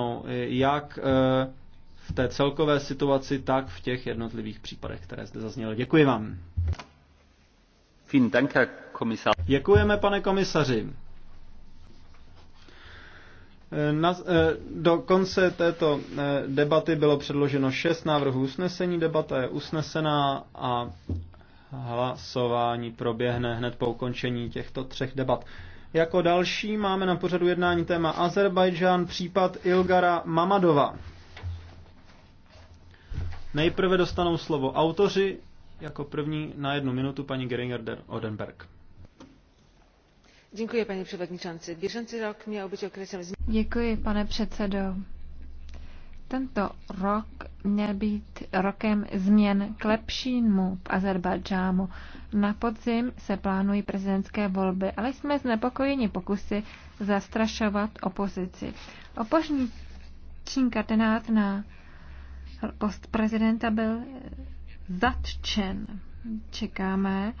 No, e, jak e, v té celkové situaci, tak v těch jednotlivých případech, které zde zazněly. Děkuji vám. Děkujeme, pane komisaři. E, Na, do konce této debaty bylo předloženo šest návrhů usnesení, debata je usnesená a hlasování proběhne hned po ukončení těchto třech debat. Jako další máme na pořadu jednání téma Azerbajdžán, případ Ilgara Mamadova. Nejprve dostanou slovo autoři, jako první na jednu minutu paní Geringer Odenberg. Děkuji, paní předsedající. Děkuji, pane předsedo tento rok měl být rokem změn k lepšímu v Azerbajdžánu. Na podzim se plánují prezidentské volby, ale jsme znepokojeni pokusy zastrašovat opozici. Opožníčín kardinát na post prezidenta byl zatčen. Čekáme,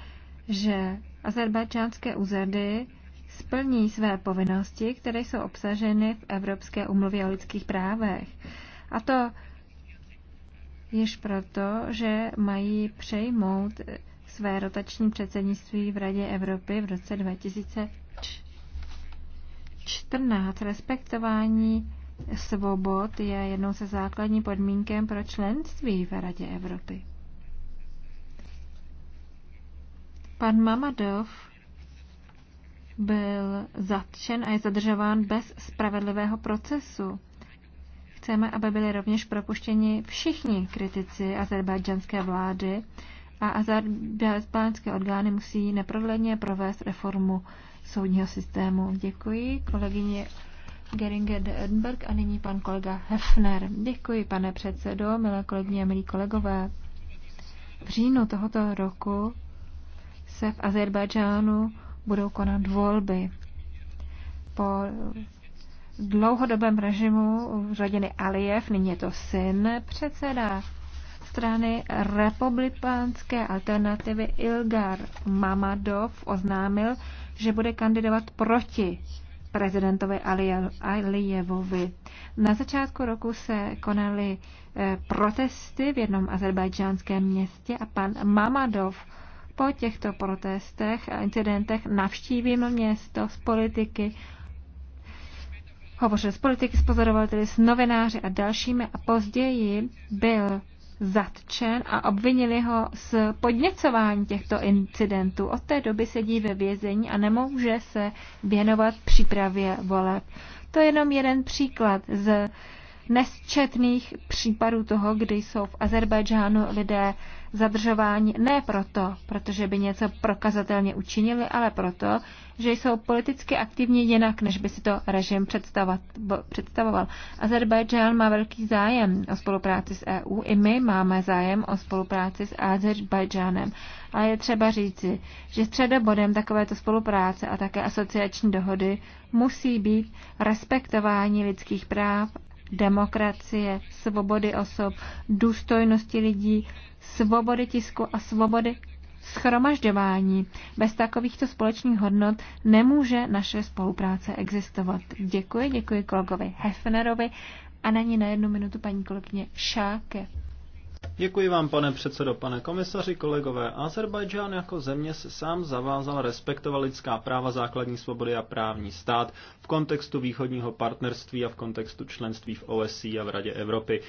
že azerbajdžánské úřady splní své povinnosti, které jsou obsaženy v Evropské umluvě o lidských právech. A to již proto, že mají přejmout své rotační předsednictví v Radě Evropy v roce 2014. Respektování svobod je jednou ze základní podmínkem pro členství v Radě Evropy. Pan Mamadov byl zatčen a je zadržován bez spravedlivého procesu. Chceme, aby byli rovněž propuštěni všichni kritici azerbajdžanské vlády a azerbajdžanské orgány musí neprodleně provést reformu soudního systému. Děkuji kolegyně Geringer de Edberg a nyní pan kolega Hefner. Děkuji, pane předsedo, milé kolegyně a milí kolegové. V říjnu tohoto roku se v Azerbajdžánu budou konat volby. Po dlouhodobém režimu rodiny Alijev, nyní je to syn, předseda strany republikánské alternativy Ilgar Mamadov oznámil, že bude kandidovat proti prezidentovi Alijevovi. Na začátku roku se konaly eh, protesty v jednom azerbajdžánském městě a pan Mamadov po těchto protestech a incidentech navštívil město z politiky Hovořil s politiky, s pozorovateli, s novináři a dalšími a později byl zatčen a obvinili ho z podněcování těchto incidentů. Od té doby sedí ve vězení a nemůže se věnovat přípravě voleb. To je jenom jeden příklad z nesčetných případů toho, kdy jsou v Azerbajdžánu lidé zadržováni ne proto, protože by něco prokazatelně učinili, ale proto, že jsou politicky aktivní jinak, než by si to režim představoval. Azerbajdžán má velký zájem o spolupráci s EU, i my máme zájem o spolupráci s Azerbajdžánem. Ale je třeba říci, že středobodem takovéto spolupráce a také asociační dohody musí být respektování lidských práv demokracie, svobody osob, důstojnosti lidí, svobody tisku a svobody schromažďování. Bez takovýchto společných hodnot nemůže naše spolupráce existovat. Děkuji, děkuji kolegovi Hefnerovi a na ní na jednu minutu paní kolegyně Šáke. Děkuji vám, pane předsedo, pane komisaři, kolegové. Azerbajdžán jako země se sám zavázal respektovat lidská práva, základní svobody a právní stát v kontextu východního partnerství a v kontextu členství v OSC a v Radě Evropy.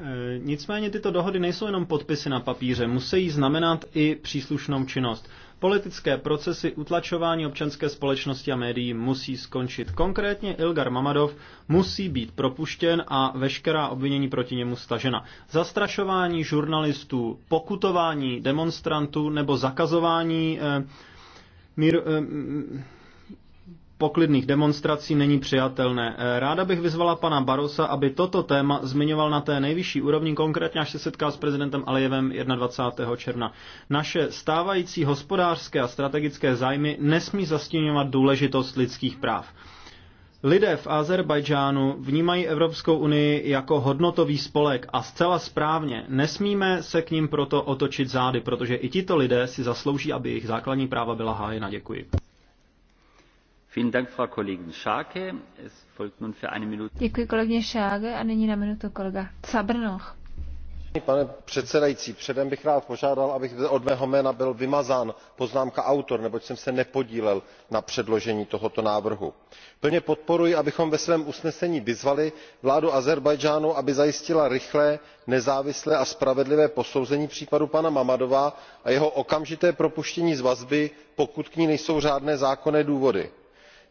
E, nicméně tyto dohody nejsou jenom podpisy na papíře, musí znamenat i příslušnou činnost. Politické procesy utlačování občanské společnosti a médií musí skončit. Konkrétně Ilgar Mamadov musí být propuštěn a veškerá obvinění proti němu stažena. Zastrašování žurnalistů, pokutování demonstrantů nebo zakazování eh, mír, eh, poklidných demonstrací není přijatelné. Eh, ráda bych vyzvala pana Barosa, aby toto téma zmiňoval na té nejvyšší úrovni, konkrétně až se setká s prezidentem Alijevem 21. června. Naše stávající hospodářské a strategické zájmy nesmí zastěňovat důležitost lidských práv. Lidé v Azerbajdžánu vnímají Evropskou unii jako hodnotový spolek a zcela správně nesmíme se k ním proto otočit zády, protože i tito lidé si zaslouží, aby jejich základní práva byla hájena. Děkuji. Děkuji kolegyně a na minutu Pane předsedající, předem bych rád požádal, aby od mého jména byl vymazán poznámka autor, neboť jsem se nepodílel na předložení tohoto návrhu. Plně podporuji, abychom ve svém usnesení vyzvali vládu Ázerbájdžánu, aby zajistila rychlé, nezávislé a spravedlivé posouzení případu pana Mammadova a jeho okamžité propuštění z vazby, pokud k ní nejsou řádné zákonné důvody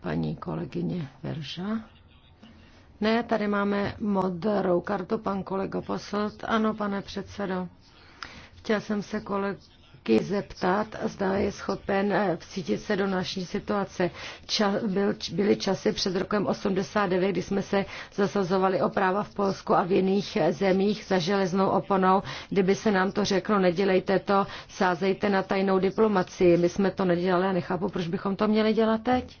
paní kolegyně Verža. Ne, tady máme modrou kartu, pan kolega Posolt. Ano, pane předsedo. Chtěl jsem se kolegy zeptat, zda je schopen eh, vcítit se do naší situace. Ča, byl, byly časy před rokem 89, kdy jsme se zasazovali o práva v Polsku a v jiných eh, zemích za železnou oponou. Kdyby se nám to řeklo, nedělejte to, sázejte na tajnou diplomaci. My jsme to nedělali a nechápu, proč bychom to měli dělat teď.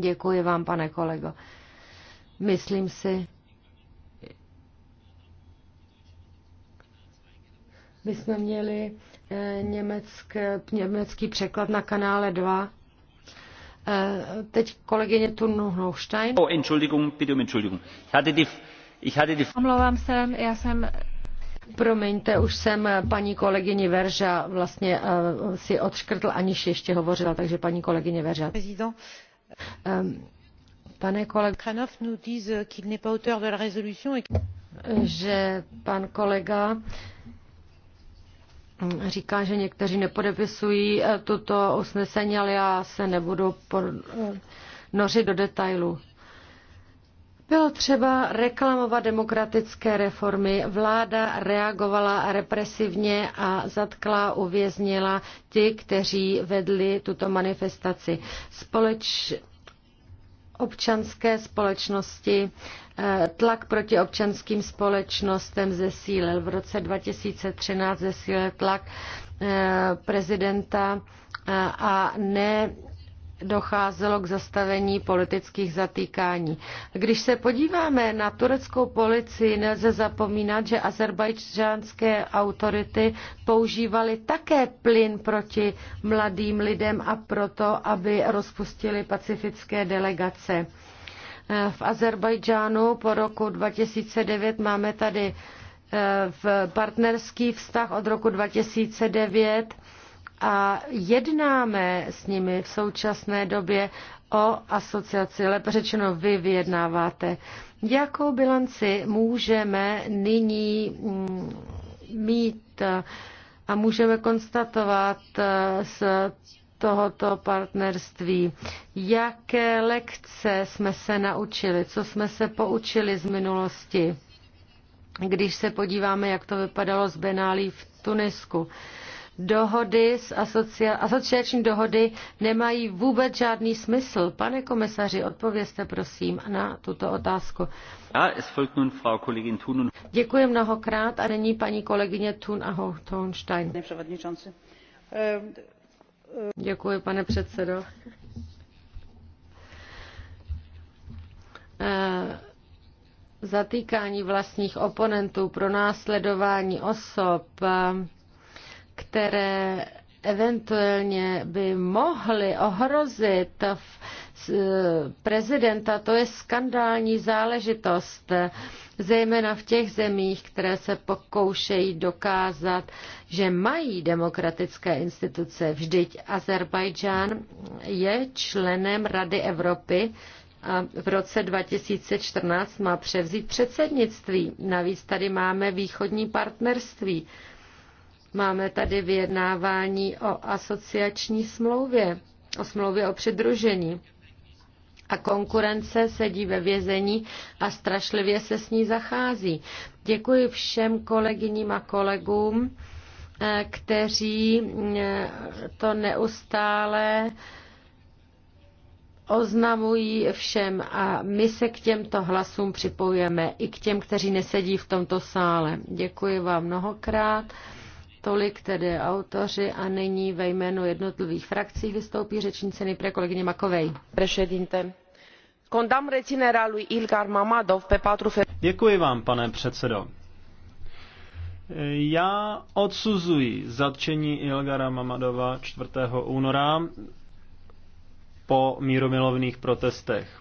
Děkuji vám, pane kolego. Myslím si, My jsme měli eh, německ, německý překlad na kanále 2. Eh, teď kolegyně Turnu Hnouštajn. Oh, Entschuldigung, bitte um Entschuldigung. Ich hatte die, ich hatte die... Omlouvám se, já jsem Promiňte, už jsem eh, paní kolegyni Verža vlastně si odškrtl, aniž ještě hovořila, takže paní kolegyně Verža. Ehm, pane kolego, že pan kolega mm, říká, že někteří nepodepisují eh, tuto usnesení, ale já se nebudu eh, nořit do detailu. Bylo třeba reklamovat demokratické reformy, vláda reagovala represivně a zatkla, uvěznila ty, kteří vedli tuto manifestaci. Společ... Občanské společnosti eh, tlak proti občanským společnostem zesílil. V roce 2013 zesílil tlak eh, prezidenta eh, a ne docházelo k zastavení politických zatýkání. Když se podíváme na tureckou policii, nelze zapomínat, že azerbajdžánské autority používaly také plyn proti mladým lidem a proto, aby rozpustili pacifické delegace. V Azerbajdžánu po roku 2009 máme tady eh, v partnerský vztah od roku 2009 a jednáme s nimi v současné době o asociaci, lépe řečeno vy vyjednáváte. Jakou bilanci můžeme nyní mm, mít eh, a můžeme konstatovat eh, z tohoto partnerství. Jaké lekce jsme se naučili, co jsme se poučili z minulosti, když se podíváme, jak to vypadalo z Benálí v Tunisku dohody s asocia- asociační dohody nemají vůbec žádný smysl. Pane komisaři, odpověste prosím na tuto otázku. Ja, es folgt nun Frau Kollegin Thun und... Děkuji mnohokrát a nyní paní kolegyně Thun a Hohenstein. Eh, eh, Děkuji, pane předsedo. Eh, zatýkání vlastních oponentů, pro následování osob, které eventuálně by mohly ohrozit prezidenta, to je skandální záležitost, zejména v těch zemích, které se pokoušejí dokázat, že mají demokratické instituce. Vždyť Azerbajdžán je členem Rady Evropy a v roce 2014 má převzít předsednictví. Navíc tady máme východní partnerství. Máme tady vyjednávání o asociační smlouvě, o smlouvě o přidružení. A konkurence sedí ve vězení a strašlivě se s ní zachází. Děkuji všem kolegyním a kolegům, eh, kteří eh, to neustále oznamují všem a my se k těmto hlasům připojujeme i k těm, kteří nesedí v tomto sále. Děkuji vám mnohokrát. Tolik tedy autoři a nyní ve jménu jednotlivých frakcí vystoupí řečnice nejprve kolegyně Makovej. Prešedinte. Kondam recinera lui Ilgar Mamadov pe fe... Děkuji vám, pane předsedo. Já odsuzuji zatčení Ilgara Mamadova 4. února po míromilovných protestech.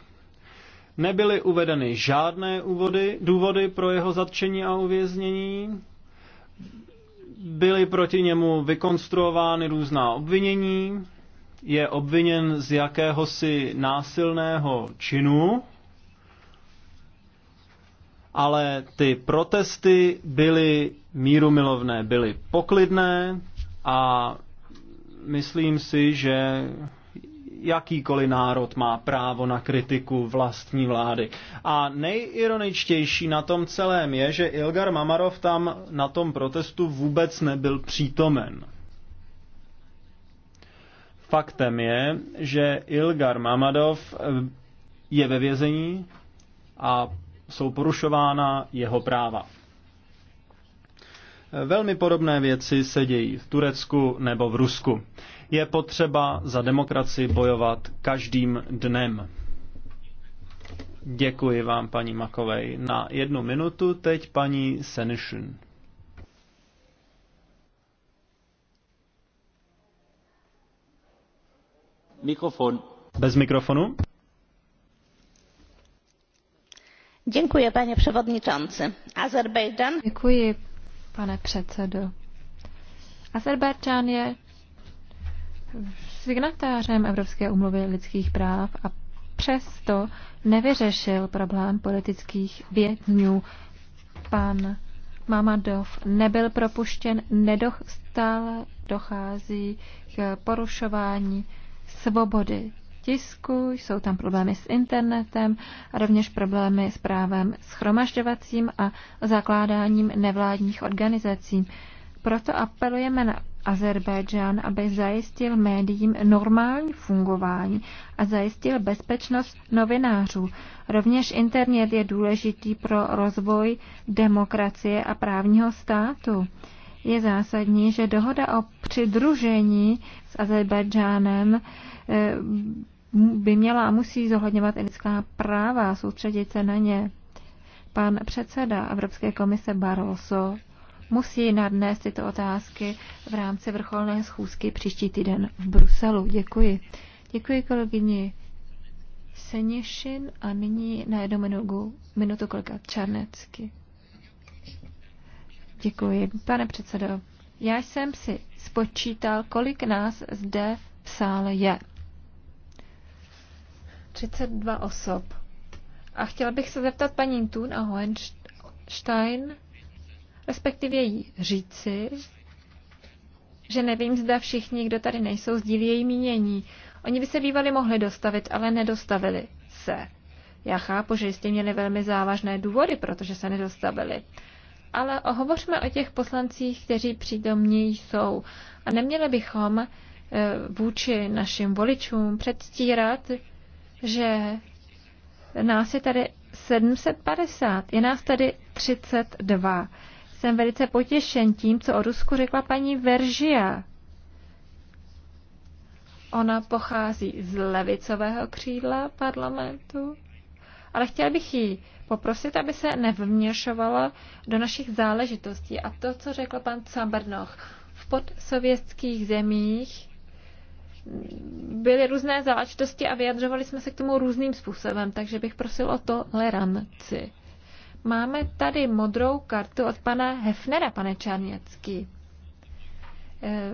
Nebyly uvedeny žádné úvody, důvody pro jeho zatčení a uvěznění. Byly proti němu vykonstruovány různá obvinění, je obviněn z jakéhosi násilného činu, ale ty protesty byly mírumilovné, byly poklidné a myslím si, že jakýkoliv národ má právo na kritiku vlastní vlády. A nejironičtější na tom celém je, že Ilgar Mamarov tam na tom protestu vůbec nebyl přítomen. Faktem je, že Ilgar Mamadov eh, je ve vězení a jsou porušována jeho práva. Velmi podobné věci se dějí v Turecku nebo v Rusku. Je potřeba za demokracii bojovat každým dnem. Děkuji vám, paní Makovej. Na jednu minutu teď paní Senishin. Mikrofon. Bez mikrofonu. Děkuji, pane předsedající. Azerbejdžan. Děkuji, pane předsedo. Azerbejdžan je signatářem Evropské umluvy lidských práv a přesto nevyřešil problém politických vězňů. Pan Mamadov nebyl propuštěn, nedostal, dochází k porušování svobody tisku, jsou tam problémy s internetem a rovněž problémy s právem schromažďovacím a zakládáním nevládních organizací. Proto apelujeme na Azerbajdžán, aby zajistil médiím normální fungování a zajistil bezpečnost novinářů. Rovněž internet je důležitý pro rozvoj demokracie a právního státu. Je zásadní, že dohoda o přidružení s Azerbajdžánem eh, by měla a musí zohledňovat i lidská práva, soustředit se na ně. Pan předseda Evropské komise Barroso musí nadnést tyto otázky v rámci vrcholné schůzky příští týden v Bruselu. Děkuji. Děkuji kolegyni Seněšin a nyní na jednu minutu, minutu kolega Čarnecky. Děkuji. Pane předsedo, já jsem si spočítal, kolik nás zde v sále je. 32 osob. A chtěla bych se zeptat paní Thun a Hohenstein, respektive jí říci, že nevím, zda všichni, kdo tady nejsou, sdílí její mínění. Oni by se bývali mohli dostavit, ale nedostavili se. Já chápu, že jistě měli velmi závažné důvody, protože se nedostavili. Ale hovořme o těch poslancích, kteří přítomní jsou. A neměli bychom eh, vůči našim voličům předstírat, že nás je tady 750, je nás tady 32 jsem velice potěšen tím, co o Rusku řekla paní Veržia. Ona pochází z levicového křídla parlamentu, ale chtěl bych ji poprosit, aby se nevměšovala do našich záležitostí. A to, co řekl pan Cabrnoch, v podsovětských zemích byly různé záležitosti a vyjadřovali jsme se k tomu různým způsobem, takže bych prosil o toleranci. Máme tady modrou kartu od pana Hefnera, pane Čarněcký. E,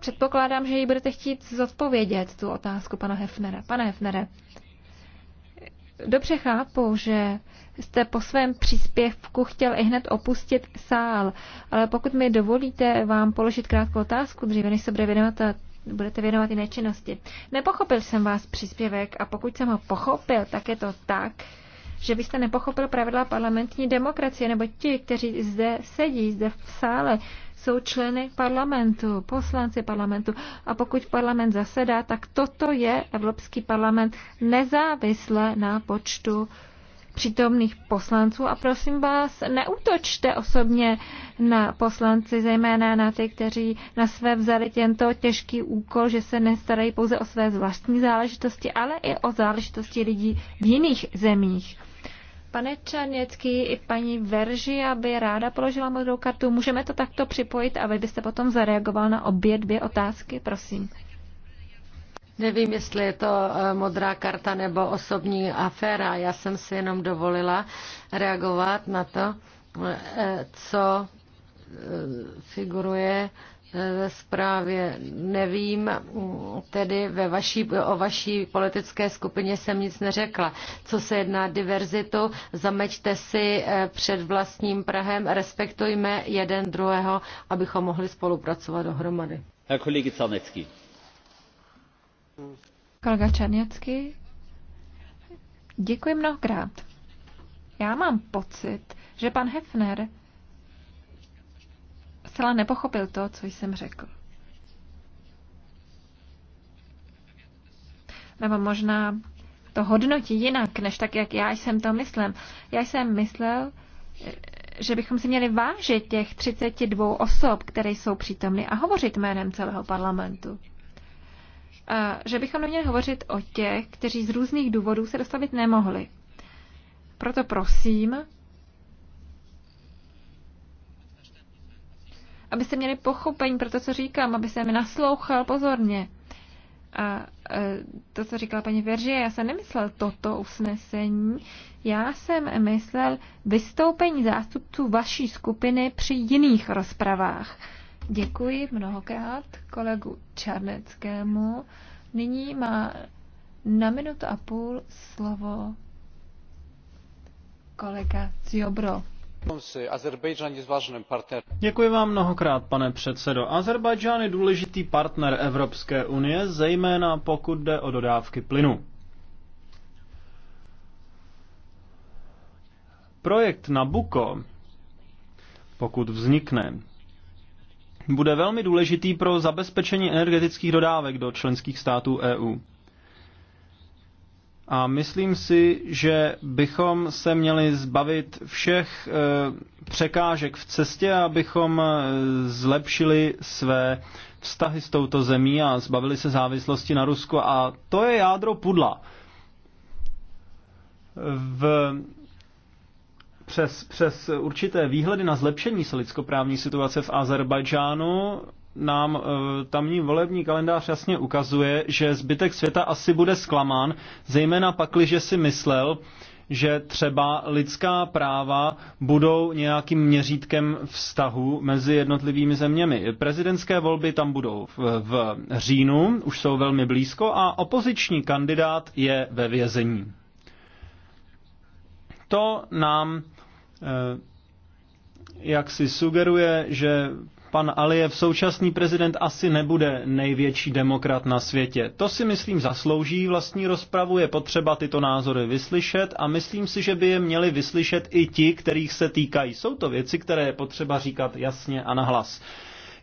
předpokládám, že ji budete chtít zodpovědět, tu otázku pana Hefnera. Pane Hefnere, dobře chápu, že jste po svém příspěvku chtěl i hned opustit sál, ale pokud mi dovolíte vám položit krátkou otázku, dříve než se bude věnovat a budete věnovat jiné činnosti. Nepochopil jsem vás příspěvek a pokud jsem ho pochopil, tak je to tak, že byste nepochopil pravidla parlamentní demokracie, nebo ti, kteří zde sedí, zde v sále, jsou členy parlamentu, poslanci parlamentu. A pokud parlament zasedá, tak toto je Evropský parlament nezávisle na počtu přítomných poslanců a prosím vás, neutočte osobně na poslanci, zejména na ty, kteří na své vzali tento těžký úkol, že se nestarají pouze o své vlastní záležitosti, ale i o záležitosti lidí v jiných zemích. Pane Čaněcký i paní Verži, aby ráda položila modrou kartu. Můžeme to takto připojit a vy byste potom zareagoval na obě dvě otázky, prosím. Nevím, jestli je to eh, modrá karta nebo osobní aféra. Já jsem si jenom dovolila reagovat na to, eh, co eh, figuruje ve zprávě. Nevím, mm, tedy ve vaší, o vaší politické skupině jsem nic neřekla. Co se jedná diverzitu, zameďte si před vlastním Prahem, respektujme jeden druhého, abychom mohli spolupracovat dohromady. Herr Kollege Kolega Černěcky, děkuji mnohokrát. Já mám pocit, že pan Hefner zcela nepochopil to, co jsem řekl. Nebo možná to hodnotí jinak, než tak, jak já jsem to myslel. Já jsem myslel, že bychom si měli vážit těch 32 osob, které jsou přítomny a hovořit jménem celého parlamentu že bychom neměli hovořit o těch, kteří z různých důvodů se dostavit nemohli. Proto prosím, aby se měli pochopení pro to, co říkám, aby se mi naslouchal pozorně. A e, to, co říkala paní Veržie, já jsem nemyslel toto usnesení, já jsem myslel vystoupení zástupců vaší skupiny při jiných rozpravách. Děkuji mnohokrát kolegu Čarneckému. Nyní má na minutu a půl slovo kolega Ziobro. Děkuji vám mnohokrát, pane předsedo. Azerbajdžán je důležitý partner Evropské unie, zejména pokud jde o dodávky plynu. Projekt Nabuko, pokud vznikne, bude velmi důležitý pro zabezpečení energetických dodávek do členských států EU. A myslím si, že bychom se měli zbavit všech e, překážek v cestě, abychom e, zlepšili své vztahy s touto zemí a zbavili se závislosti na Rusku. A to je jádro pudla. V přes, přes určité výhledy na zlepšení se lidskoprávní situace v Azerbajdžánu nám e, tamní volební kalendář jasně ukazuje, že zbytek světa asi bude zklamán, zejména pakli, že si myslel, že třeba lidská práva budou nějakým měřítkem vztahu mezi jednotlivými zeměmi. Prezidentské volby tam budou v, v říjnu, už jsou velmi blízko a opoziční kandidát je ve vězení. To nám Eh, jak si sugeruje, že pan v současný prezident, asi nebude největší demokrat na světě. To si myslím zaslouží vlastní rozpravu, je potřeba tyto názory vyslyšet a myslím si, že by je měli vyslyšet i ti, kterých se týkají. Jsou to věci, které je potřeba říkat jasně a nahlas.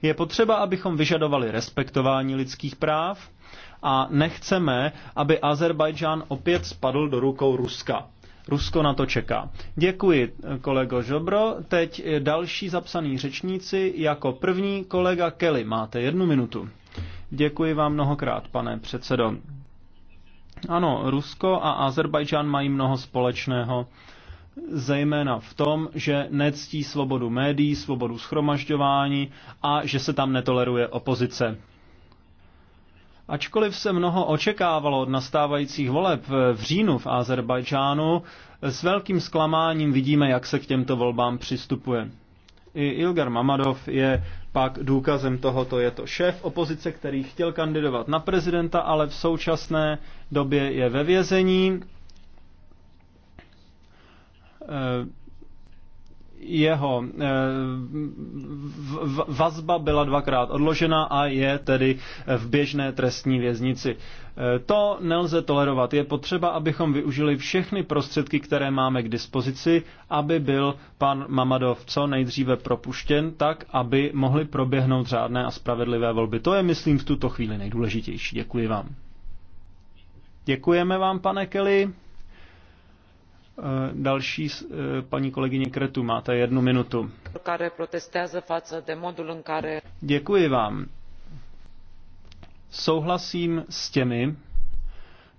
Je potřeba, abychom vyžadovali respektování lidských práv a nechceme, aby Azerbajdžán opět spadl do rukou Ruska. Rusko na to čeká. Děkuji, kolego Žobro. Teď další zapsaný řečníci. Jako první kolega Kelly. Máte jednu minutu. Děkuji vám mnohokrát, pane předsedo. Ano, Rusko a Azerbajdžán mají mnoho společného, zejména v tom, že nectí svobodu médií, svobodu schromažďování a že se tam netoleruje opozice. Ačkoliv se mnoho očekávalo od nastávajících voleb v říjnu v Azerbajdžánu, s velkým zklamáním vidíme, jak se k těmto volbám přistupuje. I Ilgar Mamadov je pak důkazem tohoto. Je to šéf opozice, který chtěl kandidovat na prezidenta, ale v současné době je ve vězení. E jeho eh, vazba byla dvakrát odložena a je tedy v běžné trestní věznici. Eh, to nelze tolerovat. Je potřeba, abychom využili všechny prostředky, které máme k dispozici, aby byl pan Mamadov co nejdříve propuštěn, tak aby mohly proběhnout řádné a spravedlivé volby. To je, myslím, v tuto chvíli nejdůležitější. Děkuji vám. Děkujeme vám, pane Kelly. Eh, další eh, paní kolegyně Kretu, máte jednu minutu. Děkuji vám. Souhlasím s těmi,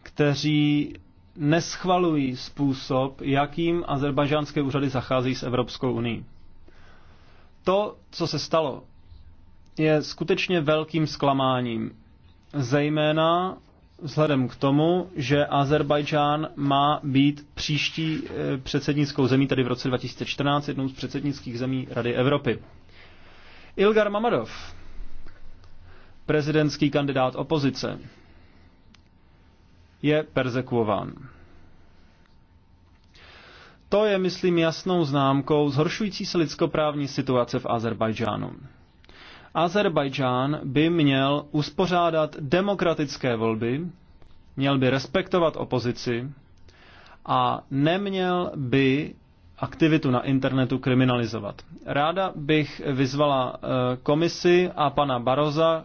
kteří neschvalují způsob, jakým azerbajdžánské úřady zacházejí s Evropskou unii. To, co se stalo, je skutečně velkým zklamáním, zejména vzhledem k tomu, že Azerbajdžán má být příští eh, předsednickou zemí, tedy v roce 2014, jednou z předsednických zemí Rady Evropy. Ilgar Mamadov, prezidentský kandidát opozice, je persekuován. To je, myslím, jasnou známkou zhoršující se lidskoprávní situace v Azerbajdžánu. Azerbajdžán by měl uspořádat demokratické volby, měl by respektovat opozici a neměl by aktivitu na internetu kriminalizovat. Ráda bych vyzvala eh, komisi a pana Baroza,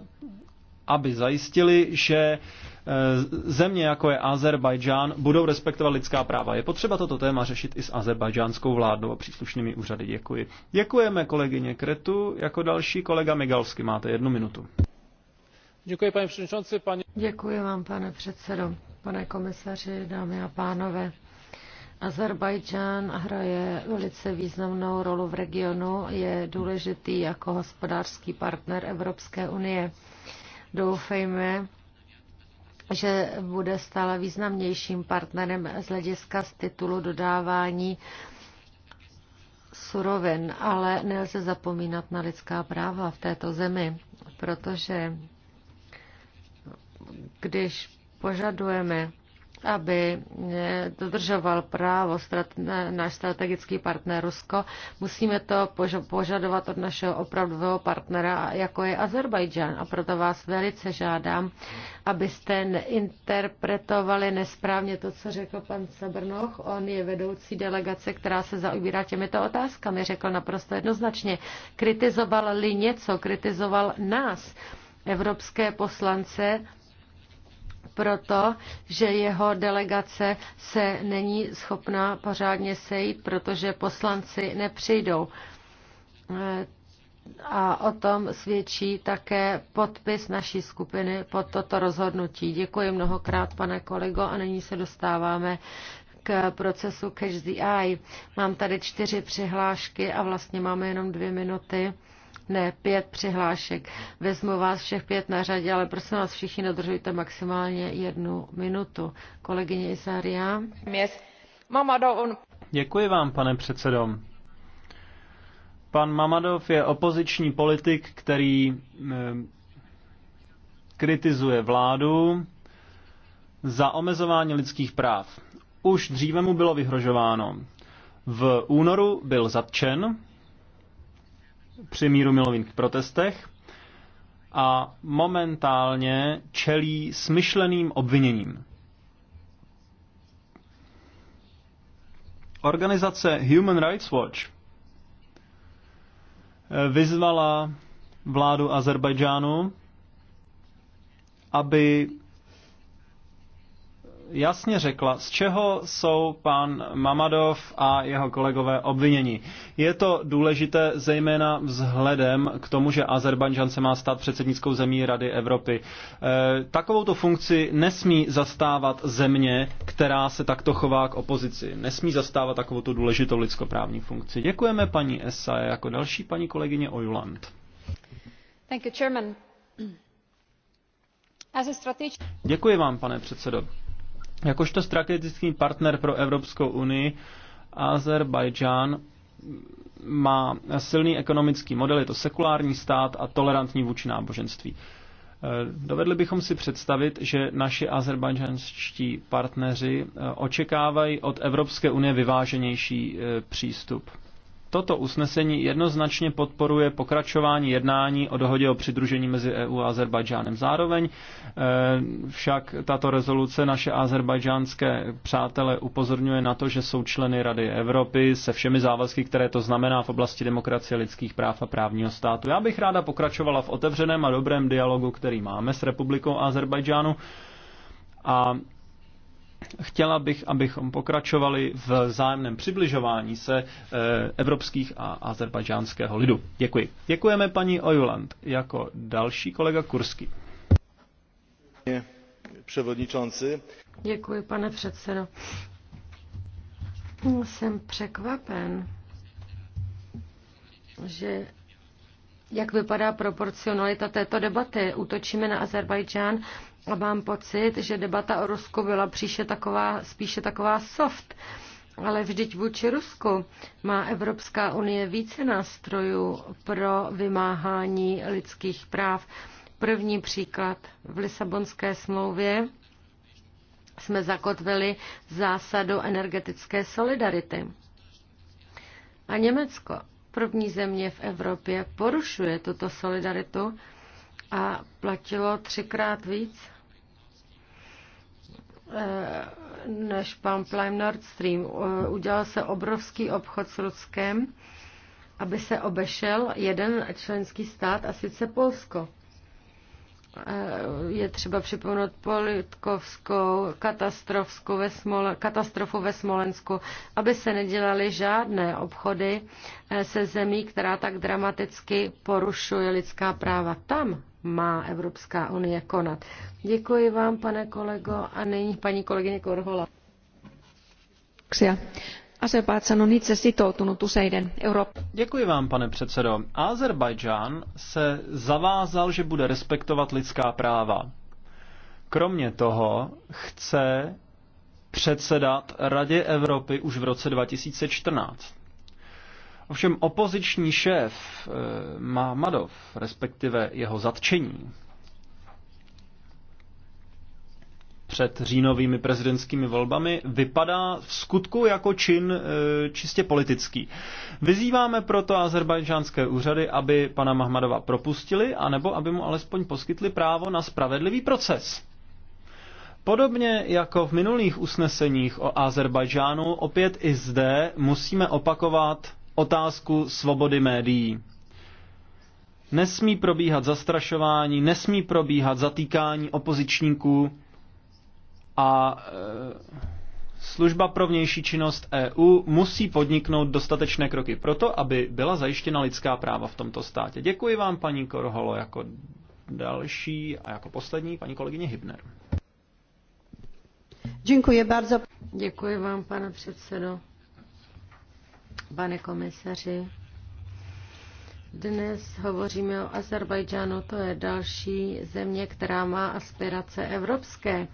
aby zajistili, že Eh, země, jako je Azerbajdžán, budou respektovat lidská práva. Je potřeba toto téma řešit i s azerbajdžánskou vládou a příslušnými úřady. Děkuji. Děkujeme kolegyně Kretu. Jako další kolega Migalsky máte jednu minutu. Děkuji, pane předsedající. Paní... Děkuji vám, pane předsedo, pane komisaři, dámy a pánové. Azerbajdžán hraje velice významnou rolu v regionu, je důležitý jako hospodářský partner Evropské unie. Doufejme, že bude stále významnějším partnerem z hlediska z titulu dodávání surovin, ale nelze zapomínat na lidská práva v této zemi, protože když požadujeme aby eh, dodržoval právo náš strategický partner Rusko, musíme to požadovat od našeho opravdového partnera, jako je Azerbajdžán. A proto vás velice žádám, abyste neinterpretovali nesprávně to, co řekl pan Sabrnoch. On je vedoucí delegace, která se zaobírá těmito otázkami. Řekl naprosto jednoznačně. Kritizoval-li něco, kritizoval nás, evropské poslance, proto, že jeho delegace se není schopná pořádně sejít, protože poslanci nepřijdou. Eh, a o tom svědčí také podpis naší skupiny pod toto rozhodnutí. Děkuji mnohokrát, pane kolego, a nyní se dostáváme k procesu Catch the Eye. Mám tady čtyři přihlášky a vlastně máme jenom dvě minuty ne, pět přihlášek. Vezmu vás všech pět na řadě, ale prosím vás všichni dodržujte maximálně jednu minutu. Kolegyně Isaria. Děkuji vám, pane předsedo. Pan Mamadov je opoziční politik, který eh, kritizuje vládu za omezování lidských práv. Už dříve mu bylo vyhrožováno. V únoru byl zatčen při míru milovných protestech a momentálně čelí smyšleným obviněním. Organizace Human Rights Watch eh, vyzvala vládu Azerbajdžánu, aby jasně řekla, z čeho jsou pan Mamadov a jeho kolegové obviněni. Je to důležité zejména vzhledem k tomu, že Azerbajdžan se má stát předsednickou zemí Rady Evropy. E, tu funkci nesmí zastávat země, která se takto chová k opozici. Nesmí zastávat takovou tu důležitou lidskoprávní funkci. Děkujeme paní Esa jako další paní kolegyně Ojuland. Děkuji vám, pane předsedo. Jakožto strategický partner pro Evropskou unii, Azerbajdžán má silný ekonomický model, je to sekulární stát a tolerantní vůči náboženství. Eh, dovedli bychom si představit, že naši azerbajdžanští partneři eh, očekávají od Evropské unie vyváženější eh, přístup. Toto usnesení jednoznačně podporuje pokračování jednání o dohodě o přidružení mezi EU a Azerbajdžánem. Zároveň eh, však tato rezoluce naše azerbajdžánské přátele upozorňuje na to, že jsou členy Rady Evropy se všemi závazky, které to znamená v oblasti demokracie, lidských práv a právního státu. Já bych ráda pokračovala v otevřeném a dobrém dialogu, který máme s Republikou Azerbajdžánu a Chtěla bych, abychom pokračovali v zájemném přibližování se eh, evropských a azerbajdžánského lidu. Děkuji. Děkujeme paní Ojuland. Jako další kolega Kurský. Děkuji, pane předsedo. Jsem překvapen, že jak vypadá proporcionalita této debaty. Útočíme na Azerbajdžán, a mám pocit, že debata o Rusku byla příše taková, spíše taková soft. Ale vždyť vůči Rusku má Evropská unie více nástrojů pro vymáhání lidských práv. První příklad v Lisabonské smlouvě jsme zakotvili zásadu energetické solidarity. A Německo, první země v Evropě, porušuje tuto solidaritu a platilo třikrát víc eh, než pan Plime Nord Stream. Eh, udělal se obrovský obchod s Ruskem, aby se obešel jeden členský stát, a sice Polsko. Eh, je třeba připomenout politkovskou katastrofskou ve Smole, katastrofu ve Smolensku, aby se nedělaly žádné obchody eh, se zemí, která tak dramaticky porušuje lidská práva. Tam má Evropská unie konat. Děkuji vám, pane kolego, a nyní paní kolegyně Korhola. Ksia on itse sitoutunut useiden Děkuji vám, pane předsedo. Azerbajdžán se zavázal, že bude respektovat lidská práva. Kromě toho chce předsedat Radě Evropy už v roce 2014. Ovšem opoziční šéf eh, Mahmadov, respektive jeho zatčení, před říjnovými prezidentskými volbami vypadá v skutku jako čin e, čistě politický. Vyzýváme proto azerbajdžánské úřady, aby pana Mahmadova propustili, anebo aby mu alespoň poskytli právo na spravedlivý proces. Podobně jako v minulých usneseních o Azerbajdžánu, opět i zde musíme opakovat otázku svobody médií. Nesmí probíhat zastrašování, nesmí probíhat zatýkání opozičníků, a e, služba pro vnější činnost EU musí podniknout dostatečné kroky proto, aby byla zajištěna lidská práva v tomto státě. Děkuji vám, paní Korholo, jako další a jako poslední paní kolegyně Hybner. Děkuji bardzo. Děkuji vám, pane předsedo. Pane komisaři, dnes hovoříme o Azerbajdžánu, to je další země, která má aspirace evropské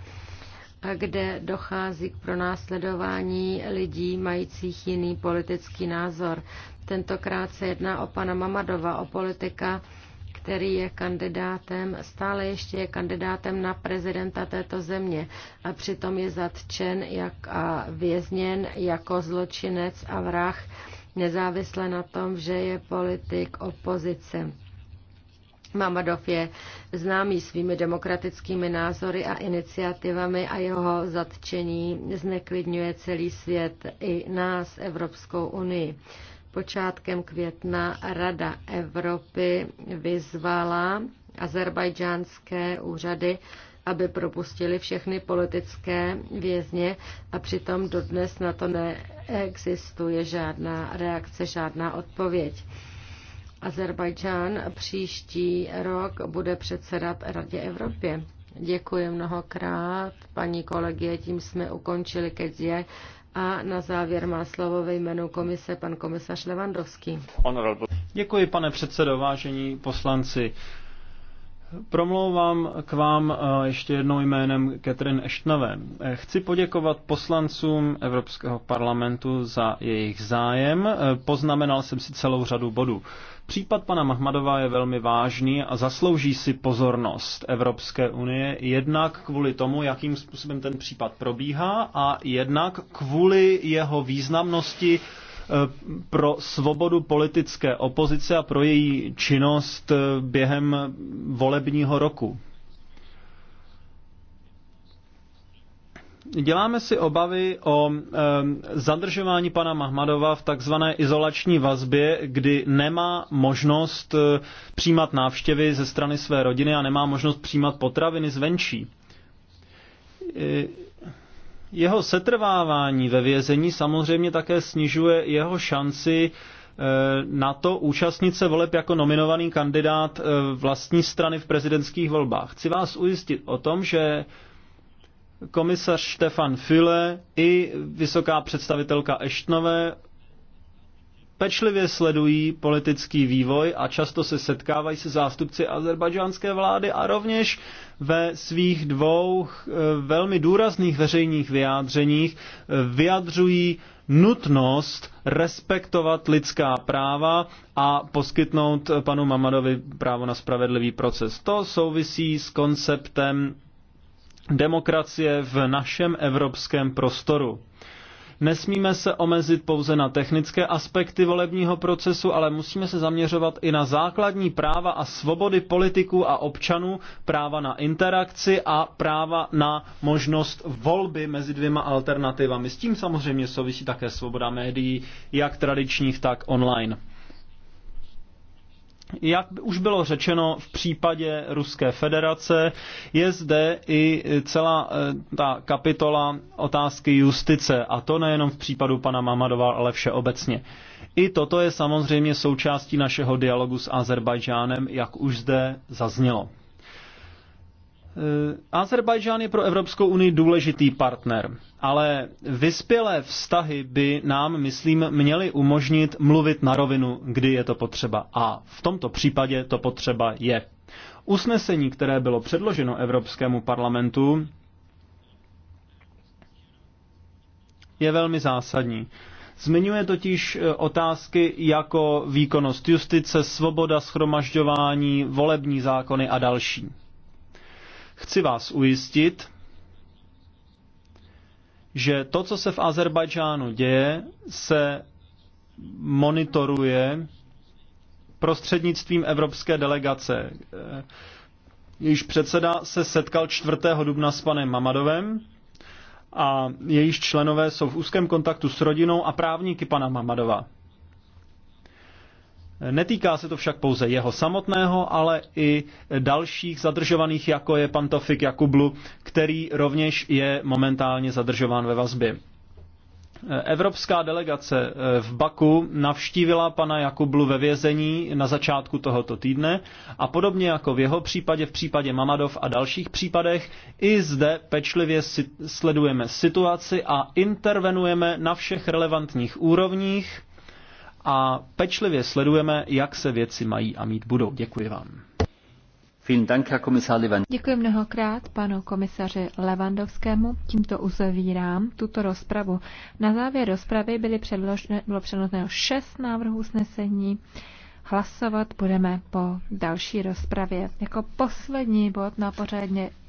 kde dochází k pronásledování lidí majících jiný politický názor. Tentokrát se jedná o pana Mamadova, o politika, který je kandidátem, stále ještě je kandidátem na prezidenta této země a přitom je zatčen jak a vězněn jako zločinec a vrah, nezávisle na tom, že je politik opozice. Mamadov je známý svými demokratickými názory a iniciativami a jeho zatčení zneklidňuje celý svět i nás, Evropskou unii. Počátkem května Rada Evropy vyzvala azerbajdžánské úřady, aby propustili všechny politické vězně a přitom dodnes na to neexistuje žádná reakce, žádná odpověď. Azerbajdžán příští rok bude předsedat Radě Evropě. Děkuji mnohokrát, paní kolegie, tím jsme ukončili Kedzie a na závěr má slovo ve jménu komise pan komisař Levandovský. Děkuji, pane předsedo, vážení poslanci. Promlouvám k vám eh, ještě jednou jménem Catherine Eštnové. Eh, chci poděkovat poslancům Evropského parlamentu za jejich zájem. Eh, poznamenal jsem si celou řadu bodů. Případ pana Mahmadova je velmi vážný a zaslouží si pozornost Evropské unie, jednak kvůli tomu, jakým způsobem ten případ probíhá a jednak kvůli jeho významnosti Eh, pro svobodu politické opozice a pro její činnost eh, během volebního roku. Děláme si obavy o e, zadržování pana Mahmadova v takzvané izolační vazbě, kdy nemá možnost e, přijímat návštěvy ze strany své rodiny a nemá možnost přijímat potraviny zvenčí. E, jeho setrvávání ve vězení samozřejmě také snižuje jeho šanci eh, na to účastnit se voleb jako nominovaný kandidát eh, vlastní strany v prezidentských volbách. Chci vás ujistit o tom, že komisař Stefan File i vysoká představitelka Eštnové pečlivě sledují politický vývoj a často se setkávají se zástupci azerbajdžánské vlády a rovněž ve svých dvou eh, velmi důrazných veřejných vyjádřeních eh, vyjadřují nutnost respektovat lidská práva a poskytnout panu Mamadovi právo na spravedlivý proces. To souvisí s konceptem demokracie v našem evropském prostoru. Nesmíme se omezit pouze na technické aspekty volebního procesu, ale musíme se zaměřovat i na základní práva a svobody politiků a občanů, práva na interakci a práva na možnost volby mezi dvěma alternativami. S tím samozřejmě souvisí také svoboda médií, jak tradičních, tak online. Jak už bylo řečeno, v případě Ruské federace je zde i celá eh, ta kapitola otázky justice, a to nejenom v případu pana Mamadova, ale všeobecně. I toto je samozřejmě součástí našeho dialogu s Azerbajdžánem, jak už zde zaznělo. Eh, Azerbajdžán je pro Evropskou unii důležitý partner, ale vyspělé vztahy by nám, myslím, měly umožnit mluvit na rovinu, kdy je to potřeba. A v tomto případě to potřeba je. Usnesení, které bylo předloženo Evropskému parlamentu, je velmi zásadní. Zmiňuje totiž eh, otázky jako výkonnost justice, svoboda schromažďování, volební zákony a další. Chci vás ujistit, že to, co se v Azerbajdžánu děje, se monitoruje prostřednictvím evropské delegace. Jejíž předseda se setkal 4. dubna s panem Mamadovem a jejíž členové jsou v úzkém kontaktu s rodinou a právníky pana Mamadova. Netýká se to však pouze jeho samotného, ale i dalších zadržovaných, jako je Pantofik Jakublu, který rovněž je momentálně zadržován ve vazbě. Evropská delegace eh, v Baku navštívila pana Jakublu ve vězení na začátku tohoto týdne a podobně jako v jeho případě, v případě Mamadov a dalších případech, i zde pečlivě sledujeme situaci a intervenujeme na všech relevantních úrovních, a pečlivě sledujeme, jak se věci mají a mít budou. Děkuji vám. Děkuji mnohokrát panu komisaři Levandovskému. Tímto uzavírám tuto rozpravu. Na závěr rozpravy byly předložené, bylo předloženo šest návrhů usnesení. Hlasovat budeme po další rozpravě. Jako poslední bod na pořádně